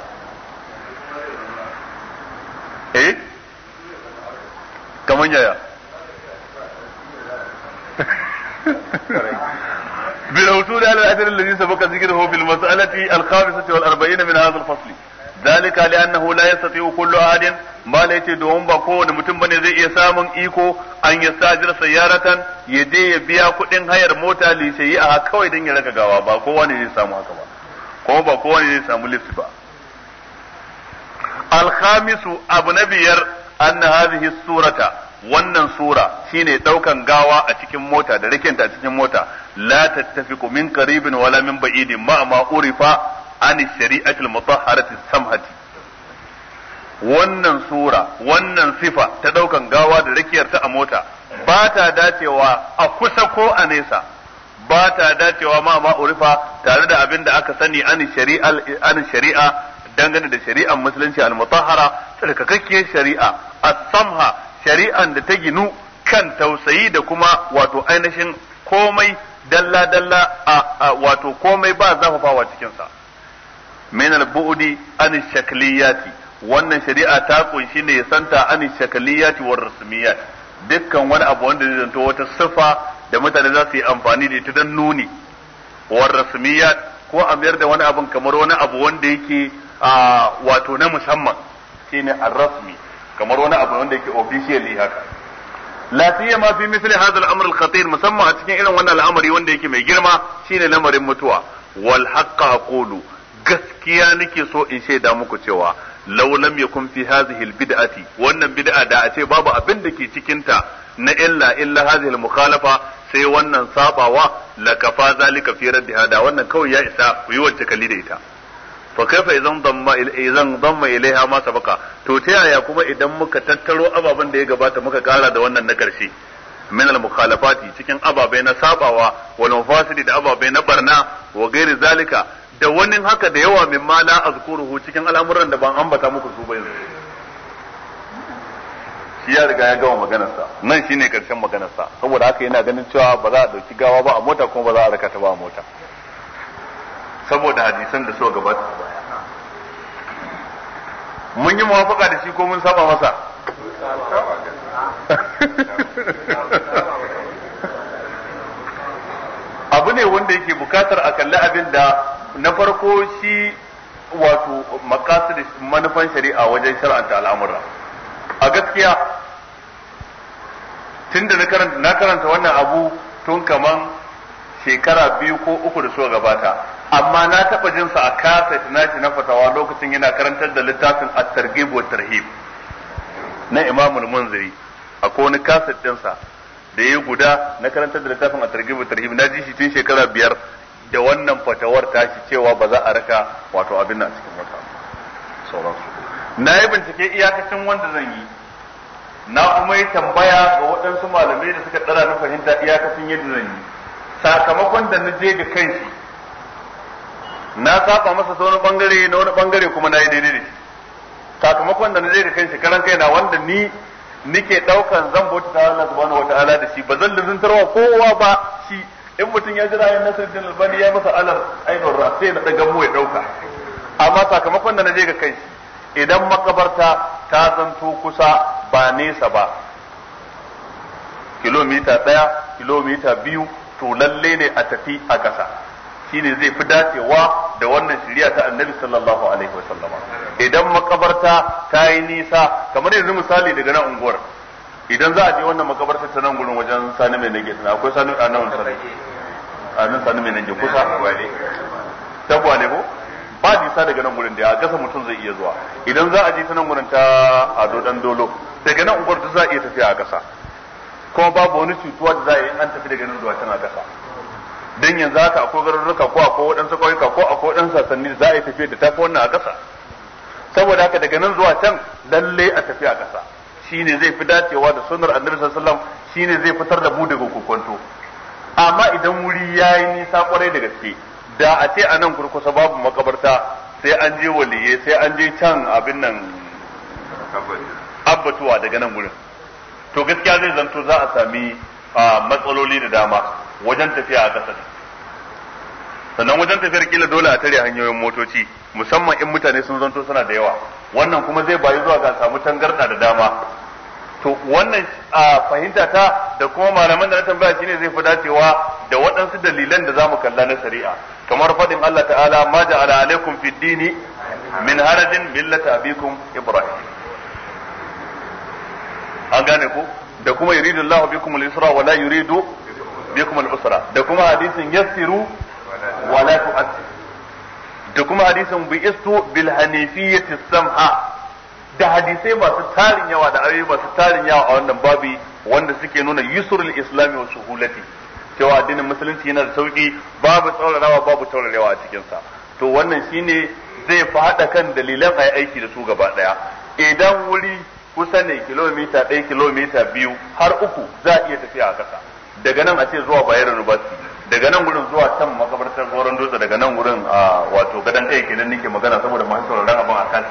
eh Ka man jaya. Binafasali da al'adarai da na zai taɓa kasu ke da hufine mas'anati al'kawane da sacewar al'abari na minazula fasli. Zan kare aina ko layinsa sai uko a a'da mbana ko wani mutum zai iya samun iko an yi ya rata ya je ya biya kuɗin hayar mota lishen. Ya haka kawai don ya raka gawa ba ko wani ne samu haka ba. Koma ba ko wani ne samu lissu ba. Alkhamisu abu na biyar. anna hadhihi surata wannan sura shine daukan gawa a cikin mota da rikinta a cikin mota la tattafiqu min qaribin wala min ba'idin ma ma urifa an shari'ati al-mutahharati samhati wannan sura wannan sifa ta daukan gawa da rakiyarta a mota ba ta dacewa a kusa ko a nesa ba ta dacewa ma ma urifa tare da abin da aka sani an shari'a dangane da shari'ar musulunci al-mutahhara tsarkakakkiyar shari'a as-samha shari'an da ta ginu kan tausayi da kuma wato ainihin komai dalla dalla a wato komai ba zafafawa cikin sa min al-bu'di an shakliyati wannan shari'a ta kunshi ne santa an shakliyati war rasmiyat dukkan wani abu wanda zai zanto wata sifa da mutane za su yi amfani da ita dan nuni war rasmiyat ko a mayar da wani abu kamar wani abu wanda yake wato na musamman shine ar-rasmi kamar wani abu wanda yake officially haka la siyama fi misli hadha amr al-khatir musamman a cikin irin wannan al'amari wanda yake mai girma shine lamarin mutuwa wal haqqa aqulu gaskiya nake so in shaida muku cewa law lam yakun fi hadhihi al-bid'ati wannan bid'a da a ce babu abin da ke cikin ta na illa illa hadhihi al-mukhalafa sai wannan sabawa la kafa zalika fi raddiha da wannan kawai ya isa ku yi wancan kalli da ita fa kaifa idan damma idan damma ilaiha ma sabaka to ta yaya kuma idan muka tattaro ababen da ya gabata muka kara da wannan na karshe min al-mukhalafati cikin ababai na sabawa wal mufasidi da ababai na barna wa gairi zalika da wani haka da yawa min ma azkuruhu cikin al'amuran da ban ambata muku su ba yanzu shi ya riga ya gama maganarsa nan shine karshen maganarsa saboda haka yana ganin cewa ba za a dauki gawa ba a mota kuma ba za a raka ta ba a mota saboda hadisan da suka gabata mun yi muwafaka da shi ko mun saba masa abu ne wanda yake bukatar a kalli abin da na farko shi wato da manufan shari'a wajen shar'anta al'amura a gaskiya tunda na karanta na karanta wannan abu tun kaman shekara biyu ko uku da suka gabata amma na taɓa jin sa a kasa nashi na fatawa lokacin yana karantar da littafin at-targhib wa tarhib na imamul munziri a wani kasa din sa da yayi guda na karantar da littafin at-targhib wa tarhib na ji shi tun shekara biyar da wannan fatawar tashi cewa ba za a raka wato abin nan a cikin wata su na yi bincike iyakacin wanda zan yi na kuma yi tambaya ga waɗansu malamai da suka tsara na fahimta iyakacin yadda zan yi sakamakon da na je ga kanshi na saba masa ta wani bangare na wani bangare kuma na yi daidai da shi sakamakon da na zai da kan shekaran na wanda ni nike daukan zan bauta ta Allah subhanahu wataala da shi ba zan wa kowa ba shi in mutum ya jira yan nasiruddin albani ya masa alar ainun ra sai na daga mu ya ɗauka. amma sakamakon da na je ga kai idan makabarta ta zanto kusa ba nesa ba kilomita ɗaya kilomita biyu to lalle ne a tafi a ƙasa shine zai fi dacewa da wannan shari'a ta annabi sallallahu alaihi wa sallama idan makabarta ta yi nisa kamar yanzu misali daga nan unguwar idan za a je wannan makabarta ta nan gurin wajen sani mai nage tana akwai sani a nan sani a nan sani mai nage kusa ta gwale ko ba nisa daga nan gurin da a gasa mutum zai iya zuwa idan za a je ta nan gurin ta ado dan dolo daga nan unguwar ta za a iya tafiya a gasa kuma babu wani cutuwa da za a yi an tafi daga nan zuwa tana kasa dan yanzu haka akwai garuruka ko akwai waɗansu ƙauyuka ko akwai waɗansu sassanni za a yi tafiya da tafi wannan a ƙasa saboda haka daga nan zuwa can lalle a tafi a ƙasa shine zai fi dacewa da sunar annabi sallallahu alaihi wasallam shine zai fitar da mu daga kokonto amma idan wuri ya yi nisa kwarai da gaske da a ce a nan kurkusa babu makabarta sai an je waliye sai an je can abin nan abbatuwa daga nan wurin to gaskiya zai zanto za a sami A matsaloli da dama wajen tafiya a ƙasa sannan wajen tafiyar kila dole a tare hanyoyin motoci musamman in mutane sun zanto suna da yawa wannan kuma zai bayu zuwa ga samu tangarɗa da dama to wannan a fahimta ta da kuma malaman da na tambaya shine zai fi dacewa da waɗansu dalilan da zamu kalla na shari'a kamar faɗin Allah ta'ala ma ja'ala alaikum fid dini min harajin millata abikum ibrahim an gane ku da kuma yuridu Allah bikum al-yusra wa la yuridu bikum al-usra da kuma hadisin yassiru wa la tu'assir da kuma hadisin bi'istu bil hanifiyyati samha da hadisai masu tarin yawa da ayoyi masu tarin yawa a wannan babi wanda suke nuna yusrul islami wa suhulati cewa addinin musulunci yana da sauki babu tsaurarawa babu taurarewa a cikin sa to wannan shine zai fi hada kan dalilan ayi aiki da su gaba daya idan wuri kusa ne kilomita ɗaya kilomita biyu har uku za a iya tafiya a ƙasa daga nan a ce zuwa bayero university daga nan gurin zuwa can makabartar goron dutse daga nan gurin a wato gadon kai kenan nake magana saboda masu sauraron abin a kansa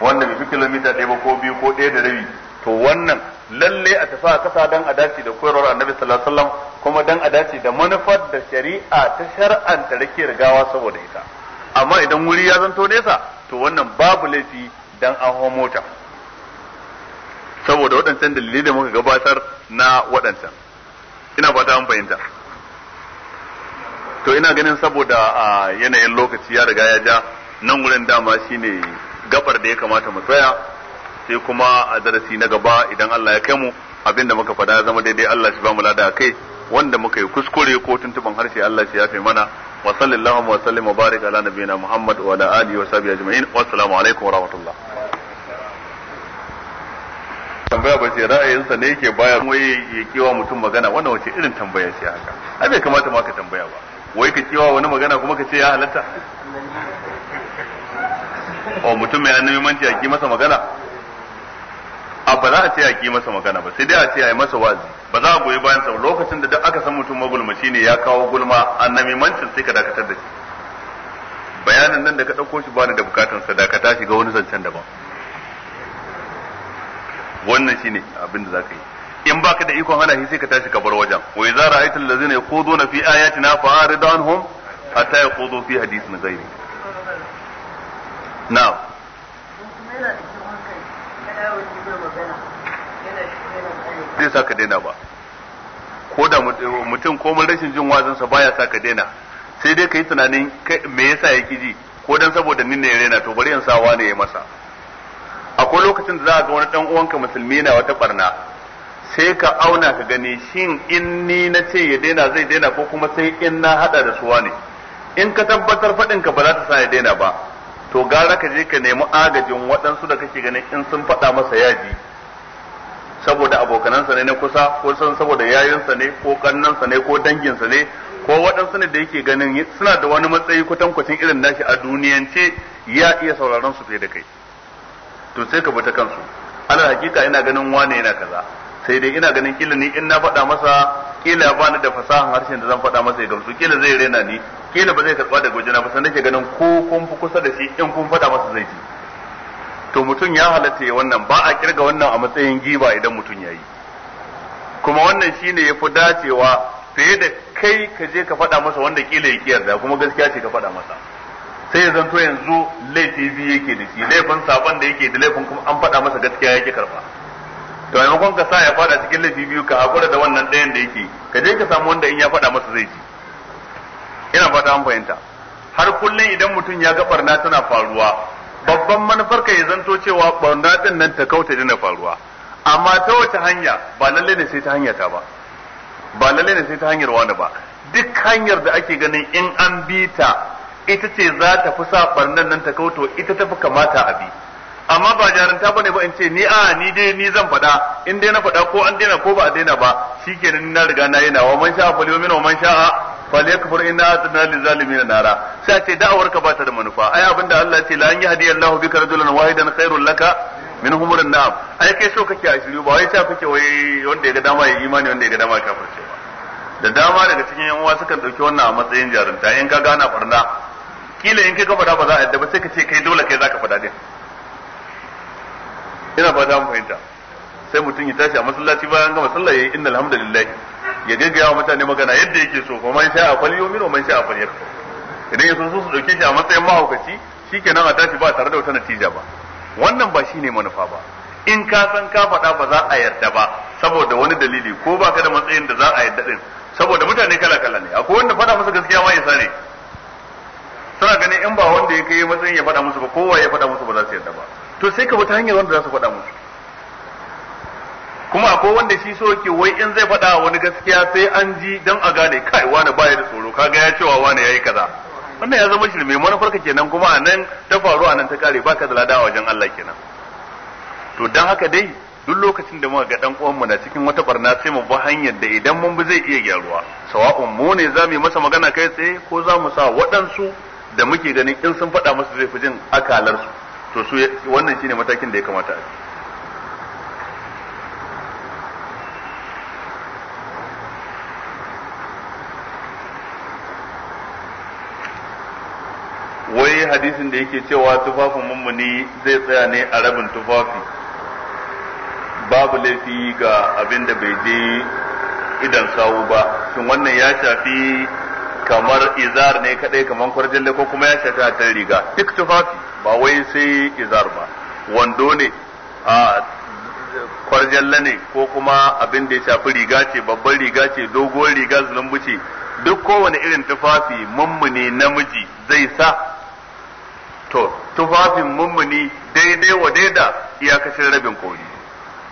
wanda bai fi kilomita ɗaya ba ko biyu ko ɗaya da rabi to wannan lalle a tafi a ƙasa dan a dace da koyarwar annabi sallallahu alaihi wasallam kuma dan a dace da manufar da shari'a ta shar'anta rake rigawa saboda ita amma idan wuri ya zanto nesa to wannan babu laifi dan an hau mota saboda waɗancan dalilai da muka gabatar na waɗancan ina fata an fahimta to ina ganin saboda a yanayin lokaci ya riga ya ja nan wurin dama shine gabar da ya kamata mu tsaya sai kuma a darasi na gaba idan Allah ya kai mu abin da muka faɗa ya zama daidai Allah shi ba mu lada kai wanda muka yi kuskure ko tuntuban harshe Allah shi ya fi mana wa sallallahu wa sallim wa barik ala Muhammad wa ala alihi wa sahbihi ajma'in wa assalamu alaikum wa rahmatullah tambaya ba ce ra'ayinsa ne yake baya wai ya kiwa mutum magana wannan wace irin tambaya ce haka ai bai kamata ma ka tambaya ba wai ka kewa wani magana kuma ka ce ya halatta o oh, mutum mai annabi manci ya ki masa magana a ba za a ce a ki masa magana ba sai dai a ce a yi masa wazi ba za a goyi bayan sa lokacin da duk aka san mutum magulmaci ne ya kawo gulma annabi manci sai ka dakatar da shi bayanin nan da ka ɗauko shi bani da bukatun sadaka ta shiga wani zancen daban wannan shine abin da zaka yi in baka da ikon hana shi sai ka tashi ka bar wajen wa idza ra'aytal ladzina yakhuduna fi ayatina fa'rid anhum hatta yakhudu fi hadithin ghairi na'am zai sa ka daina ba ko da mutum ko mun rashin jin wazansa baya sa ka daina sai dai ka yi tunanin me yasa ya ji ko dan saboda ni ne ya rena to bari in sawa ne ya masa akwai lokacin da za ga wani dan uwanka musulmi na wata barna sai ka auna ka gani shin in ni na ce ya daina zai daina ko kuma sai in na hada da suwa ne in ka tabbatar faɗin ka ba za ta sa ya daina ba to gara ka je ka nemi agajin waɗansu da kake ganin in sun faɗa masa yaji saboda abokanansa ne na kusa ko san saboda yayinsa ne ko kannansa ne ko danginsa ne ko waɗansu ne da yake ganin suna da wani matsayi kwatankwacin irin nashi a duniyance ya iya sauraron su fiye da kai to sai ka bata kansu ala hakika ina ganin wane yana kaza sai dai ina ganin kila ni in na faɗa masa kila ba ni da fasahan harshen da zan faɗa masa ya gamsu kila zai rena ni kila ba zai karɓa daga wajena ba sannan ke ganin ko kun fi kusa da shi in kun faɗa masa zai ji to mutum ya halatta ya wannan ba a kirga wannan a matsayin giba idan mutum ya yi kuma wannan shine ya fi dacewa fiye da kai ka je ka faɗa masa wanda kila ya kiyarda kuma gaskiya ce ka faɗa masa sai ya zanto yanzu laifi biyu yake da shi laifin sabon da yake da laifin kuma an faɗa masa gaskiya yake karba to maimakon ka sa ya faɗa cikin laifi biyu ka hakura da wannan ɗayan da yake ka je ka samu wanda in ya faɗa masa zai ji ina fata an fahimta har kullum idan mutum ya ga barna tana faruwa babban manufar ka ya zanto cewa barna din nan ta kauta dina faruwa amma ta wace hanya ba lalle ne sai ta hanya ta ba ba lalle ne sai ta hanyar wani ba duk hanyar da ake ganin in an bi ta ita ce za ta fi sa barnan nan ta kauto ita ta fi kamata a bi amma ba jaranta bane ba in ce ni a ah, ni dai ni zan faɗa in dai na faɗa ko an daina ko ba a daina ba shikenan na riga na yana wa man sha'a fali wa man sha'a falyakfur inna atna lil zalimin nara sai ce da'awar ka ba ta da manufa ai abinda Allah ce la an yahdi Allah bika rajulan wahidan khairul laka min humurin na'am ai kai so kake a shiru ba wai ta kake wai wanda ya ga dama ya imani wanda ya ga dama ya kafirce ba da dama daga cikin yan uwa sukan dauki wannan a matsayin jarunta in ka gana barna kila in kai ka faɗa ba za a yadda ba sai ka ce kai dole kai zaka faɗa din ina ba za mu fahimta sai mutum ya tashi a masallaci bayan gama sallah yayi innal hamdulillah ya gaggaya wa mutane magana yadda yake so kuma man a fal yu'minu wa man sha'a fal yakfur idan ya so su dauke shi a matsayin mahaukaci shikenan a tashi ba tare da wata natija ba wannan ba shine manufa ba in ka san ka faɗa ba za a yarda ba saboda wani dalili ko baka da matsayin da za a yarda din saboda mutane kala kala ne akwai wanda faɗa masa gaskiya ma ya ne suna ganin in ba wanda ya kai matsayin ya faɗa musu ba kowa ya faɗa musu ba za su yarda ba to sai ka bi ta hanyar wanda za su faɗa musu kuma akwai wanda shi so ke wai in zai faɗa wani gaskiya sai an ji dan a gane kai wani baya da tsoro kaga ya cewa wani yayi kaza wannan ya zama shi mai manufar ka kenan kuma a nan ta faru a nan ta kare baka da lada wajen Allah kenan to dan haka dai duk lokacin da muka ga dan uwanmu na cikin wata barna sai mu bi hanyar da idan mun bi zai iya gyaruwa sawa'un mu ne za mu yi masa magana kai tsaye ko za mu sa waɗansu da muke ganin in sun faɗa musu zai fi jin akalar su to su wannan shine matakin da ya kamata a wai hadisin da yake cewa tufafin mummuni zai tsaya ne a rabin tufafi babu laifi ga abin da bai je idan sawu ba shin wannan ya shafi kamar izar ne kadai kamar kwarjalle ko kuma ya shafi a can riga duk tufafi ba wai sai izar ba wando ne a kwarjalle ne ko kuma abin da ya shafi riga ce babban riga ce doguwar riga zulumbu ce duk kowane irin tufafi mummuni namiji zai sa to tufafin mummuni daidai wa daida iyakacin rabin kori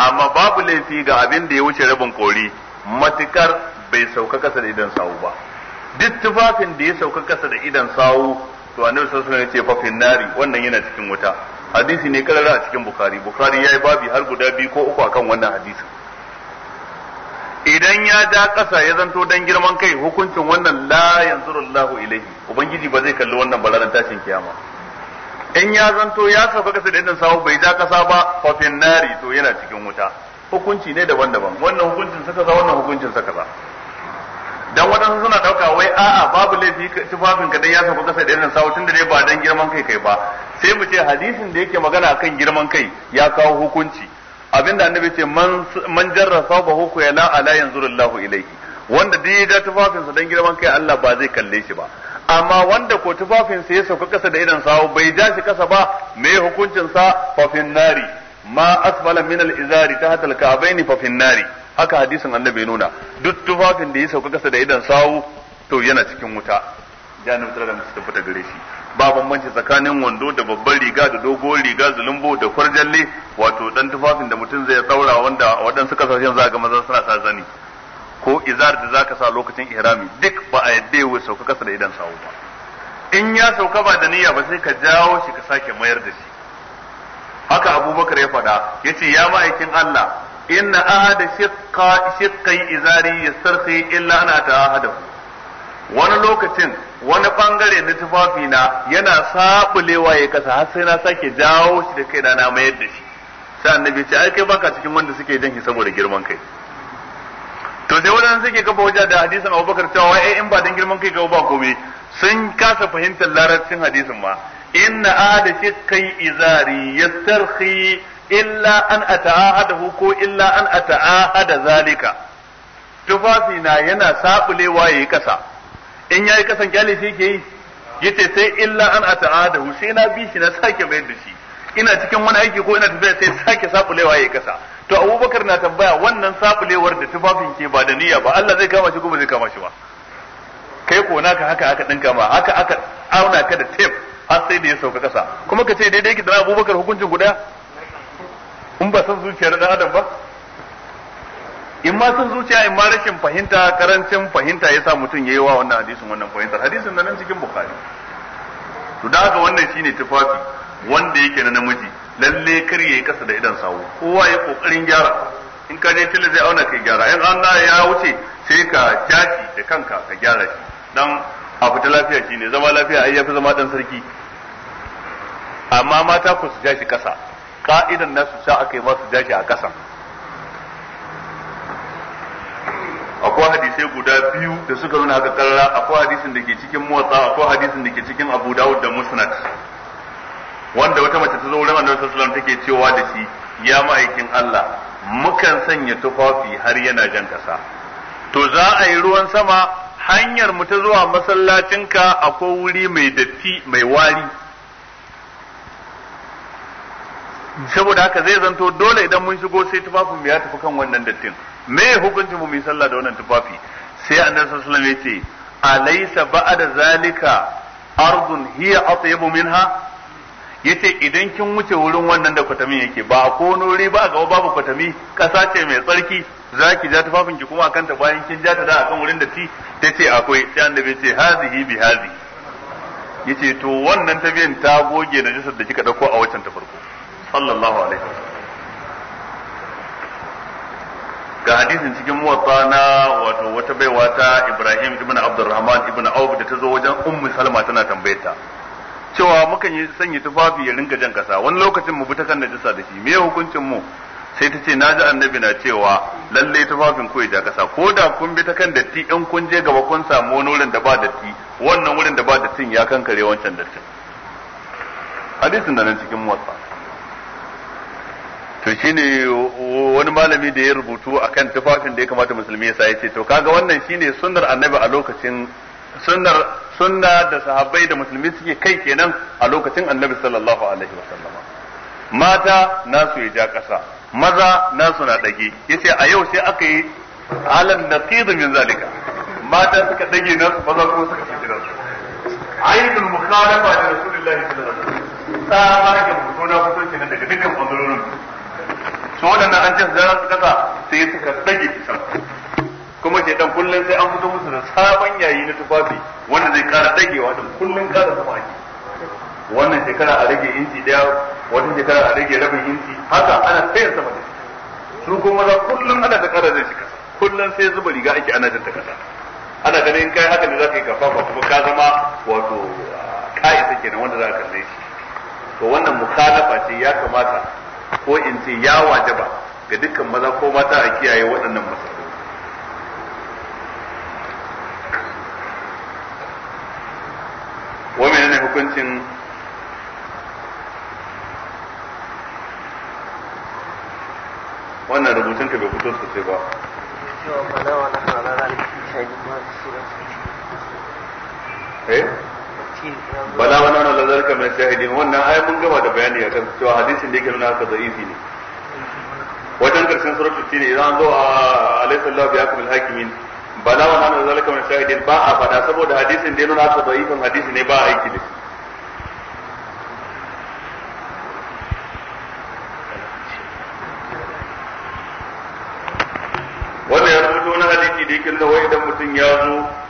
amma babu laifi ga abin da ya wuce rabin kori matukar bai sauka kasa da idan sawu ba duk tufafin da ya sauka kasa da idan sawu to annabi sallallahu alaihi wasallam ya ce fafin nari wannan yana cikin wuta hadisi ne karara a cikin bukhari bukhari yayi babi har guda biyu ko uku akan wannan hadisi idan ya ja kasa ya zanto dan girman kai hukuncin wannan la yanzurullahu ilaihi ubangiji ba zai kalli wannan balaran tashin kiyama in ya zanto ya sauka kasa da idan sawu bai ja kasa ba fa nari to yana cikin wuta hukunci ne daban-daban wannan hukuncin saka za wannan hukuncin saka za dan waɗansu suna ɗauka wai a'a babu laifi tufafin ka dai ya sauka kasa da irin sawo tunda dai ba dan girman kai kai ba sai mu ce hadisin da yake magana akan girman kai ya kawo hukunci abinda annabi ce man man jarra sabahu ku ya la ala yanzurullahu ilayhi wanda dai ya tufafin sa dan girman kai Allah ba zai kalle shi ba amma wanda ko tufafin sa ya sauka kasa da irin sawo bai ja shi kasa ba me hukuncin sa fa nari ma asfala min al-izari tahta al-ka'baini fa nari haka hadisin annabi nuna duk tufafin da ya sauka kasa da idan sawu to yana cikin wuta jahannam tare da ta tabbata gare shi ba bambanci tsakanin wando da babban riga da dogon riga zulumbo da kwarjalle wato dan tufafin da mutum zai daura wanda waɗansu kasashen za ga maza suna sa zani ko izar da zaka sa lokacin ihrami duk ba a yadda ya sauka kasa da idan sawu ba in ya sauka ba da niyya ba sai ka jawo shi ka sake mayar da shi haka abubakar ya faɗa ya ce ya ma'aikin Allah inna ahada shiqqa shiqqai izari yastarhi illa ana ta'ahadu wani lokacin wani bangare na tufafi na yana sabulewa ya kasa har sai na sake jawo shi da kaina na mayar da shi sai annabi ce ai kai baka cikin wanda suke jan shi saboda girman kai to sai wadanda suke kafa wajen da hadisin Abubakar cewa ai in ba dan girman kai ka ba komai sun kasa fahimtar larabcin hadisin ma inna ahada shiqqai izari yastarhi illa an ata'ahadahu ko illa an ata'ahada zalika tufafi na yana sabulewa yayi kasa in yayi kasan kyale shi ke yi yace sai illa an ata'ahadahu sai na bi shi na sake bayar da shi ina cikin wani aiki ko ina tafiya sai sake sabulewa yayi kasa to Abubakar na tambaya wannan sabulewar da tufafin ke ba da niyya ba Allah zai kama shi ko ba zai kama shi ba kai ko naka haka aka dinka ma haka aka auna ka da tape har sai da ya sauka kasa kuma ka ce daidai ki da Abubakar hukuncin guda in ba san zuciyar dan adam ba in ma san zuciya in ma rashin fahimta karancin fahimta yasa mutum yayi wa wannan hadisin wannan fahimtar hadisin nan cikin bukhari to da haka wannan shine tufafi wanda yake na namiji lalle kar yayi kasa da idan sawo kowa ya kokarin gyara in ka je tilla zai auna kai gyara in an ya wuce sai ka jaki da kanka ka gyara shi dan a fita lafiya shine zama lafiya ai yafi zama dan sarki amma mata ku su jashi kasa ka'idan nasu sa aka yi masu jashi a kasan akwai hadisai guda biyu da suka nuna haka karra akwai hadisin da ke cikin motsa akwai hadisin da ke cikin abu dawud da musnad wanda wata mace ta zo wurin annabi sallallahu alaihi take cewa da shi ya ma'aikin Allah mukan sanya tufafi har yana jan kasa to za a yi ruwan sama hanyar mu ta zuwa masallacinka akwai wuri mai datti mai wari saboda haka zai zanto dole idan mun shigo sai tufafin mu ya tafi kan wannan dattin me hukuncin mu mu yi sallah da wannan tufafi sai annabi sallallahu alaihi wasallam yace alaysa ba'da zalika ardun hiya atyabu minha yace idan kin wuce wurin wannan da kwatami yake ba ko nuri ba gaba babu kwatami kasa ce mai tsarki zaki ja tufafin ki kuma akan ta bayan kin ja ta da akan wurin da ti tace akwai sai annabi ce hazihi bi hazihi yace to wannan tabiyan ta goge najasar da kika dauko a waccan ta farko sallallahu alaihi ga hadisin cikin muwatta na wato wata baiwa ta Ibrahim ibn Abdurrahman ibn Auf da ta zo wajen Ummu Salma tana tambayar ta cewa mukan yi sanya tufafi ya ringa jan kasa wani lokacin mu bi ta kan najasa da shi me hukuncin mu sai ta ce ji annabi na cewa lalle tufafin ku ja kasa ko da kun bi ta kan datti in kun je gaba kun samu wani wurin da ba datti wannan wurin da ba dattin ya kankare wancan dattin hadisin da nan cikin muwatta to shine wani malami da ya rubutu akan tufafin da ya kamata musulmi ya sa yace to kaga wannan shine sunnar annabi a lokacin sunnar sunna da sahabbai da musulmi suke kai kenan a lokacin annabi sallallahu alaihi wasallama mata nasu ya ja kasa maza nasu na dage yace a yau sai aka yi alan naqid min zalika mata suka dage nasu maza kuma suka ci nasu ayyul mukhalafa da rasulullahi sallallahu alaihi wasallam ba ga mutuna fito kenan daga dukkan bangarorin su waɗannan an ce su su kasa sai suka dage isa. kuma ke dan kullum sai an fito musu da sabon yayi na tufafi wanda zai kara tsagewa din kullum kara sama ake wannan shekara a rage inci daya wata shekara a rage rabin inci haka ana sayar sama da su kuma za kullum ana da kara zai shi kasa kullum sai zuba riga ake ana jinta ta kasa ana ganin kai haka ne za ka yi kafafa kuma ka zama wato ka'isa kenan wanda za ka kalle shi to wannan mukhalafa ce ya kamata ko in ce ya wajaba ga dukkan maza ko mata a kiyaye waɗannan masarufi wa ne hukuncin wannan rubutun ka bai fito sosai ba eh bala wa nana lazarka min shahidin wannan ai mun gama da bayani akan cewa hadisin da yake nuna haka da'ifi ne wajen karshen suratul tin idan zo a alayhi sallahu bi akmal hakimin bala wa nana lazarka min shahidin ba a fada saboda hadisin da nuna haka da'ifin hadisi ne ba a aiki da wannan ya rubuto na hadisi da yake nuna wai idan mutum ya zo